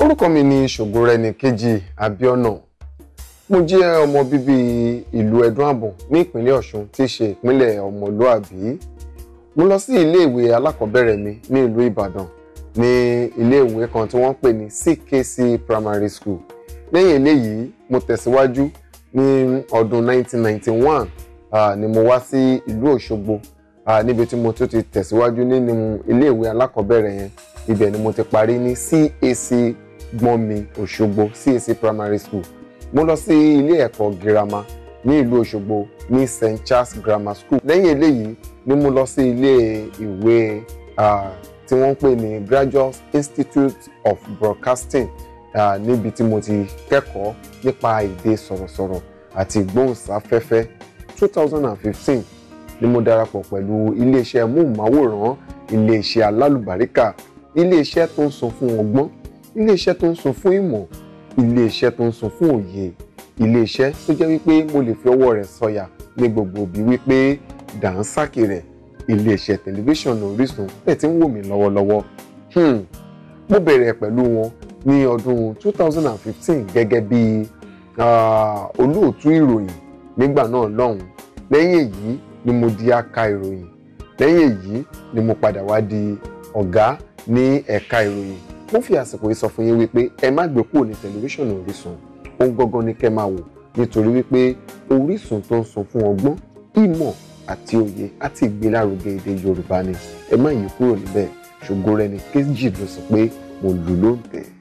orúkọ mi ni Ṣògorẹnìkejì Abíọ́nà mo jẹ́ ọmọ bíbí ìlú Ẹ̀dùn Àbọ̀n ní ìpínlẹ̀ Ọ̀ṣun tí í ṣe ìpínlẹ̀ ọmọlúàbí mo lọ sí iléèwé alákọ̀ọ́bẹ̀rẹ̀ mi ní ìlú Ìbàdàn ní iléèwé kan tí wọ́n pè ní CKC Primary School lẹ́yìn eléyìí mo tẹ̀síwájú ní ọdún 1991 uh, ni mo wá sí ìlú Òṣogbo níbi tí mo tún ti tẹ̀síwájú nínú iléèwé alákọ̀ọ́bẹ̀rẹ̀ yẹn ibẹ̀ ni mo ti parí ní CAC gbọ́nmi òṣogbo cac primary school mo lọ sí ilé ẹ̀kọ́ girama ní ìlú òṣogbo ní st charles grammar school lẹ́yìn eléyìí ni mo lọ sí ilé ìwé tí wọ́n ń pè ní graduate institute of broadcasting uh, níbi tí mo ti kẹ́kọ̀ọ́ nípa èdè sọ̀rọ̀sọ̀rọ̀ àti ìgbóhùnsáfẹ́fẹ́ 2015 ni mo darapọ̀ pẹ̀lú iléeṣẹ́ múhùnmáwòrán iléeṣẹ́ alálùbáríkà iléeṣẹ́ tó ń sọ fún ọgbọ́n iléeṣẹ́ tó ń sọ fún ìmọ̀ iléeṣẹ́ tó ń sọ fún òye iléeṣẹ́ tó jẹ́ wípé mo lè fi ọwọ́ rẹ̀ sọ̀yà ní gbogbo òbí wípé dànsákì rẹ̀ iléeṣẹ́ tẹlifíṣàn Orísun tẹ̀ tí ń wò mí lọ́wọ́lọ́wọ́ hmm. mo bẹ̀rẹ̀ pẹ̀lú wọn ní ọdún 2015 gẹ́gẹ́ bí olóòtú ìròyìn nígbà náà lọ́hùn lẹ́yìn èyí ni mo di aka ìròyìn lẹ́yìn èyí ni mo padà wá di ọ̀gá ní ẹ̀ka ìròyìn mo fi àsìkò yìí sọ fún yín wípé ẹ má gbé kúrò ní tẹlifíṣàn Orísun ohun gangan ni kẹ́ máa wò nítorí wípé Orísun tó ń sọ fún ọgbọ́n ìmọ̀ àti òye àti ìgbélárugẹ èdè Yorùbá ni ẹ má yí kúrò níbẹ̀ ṣògo rẹ ní kéjì ló sọ pé mo lù lóǹtẹ̀.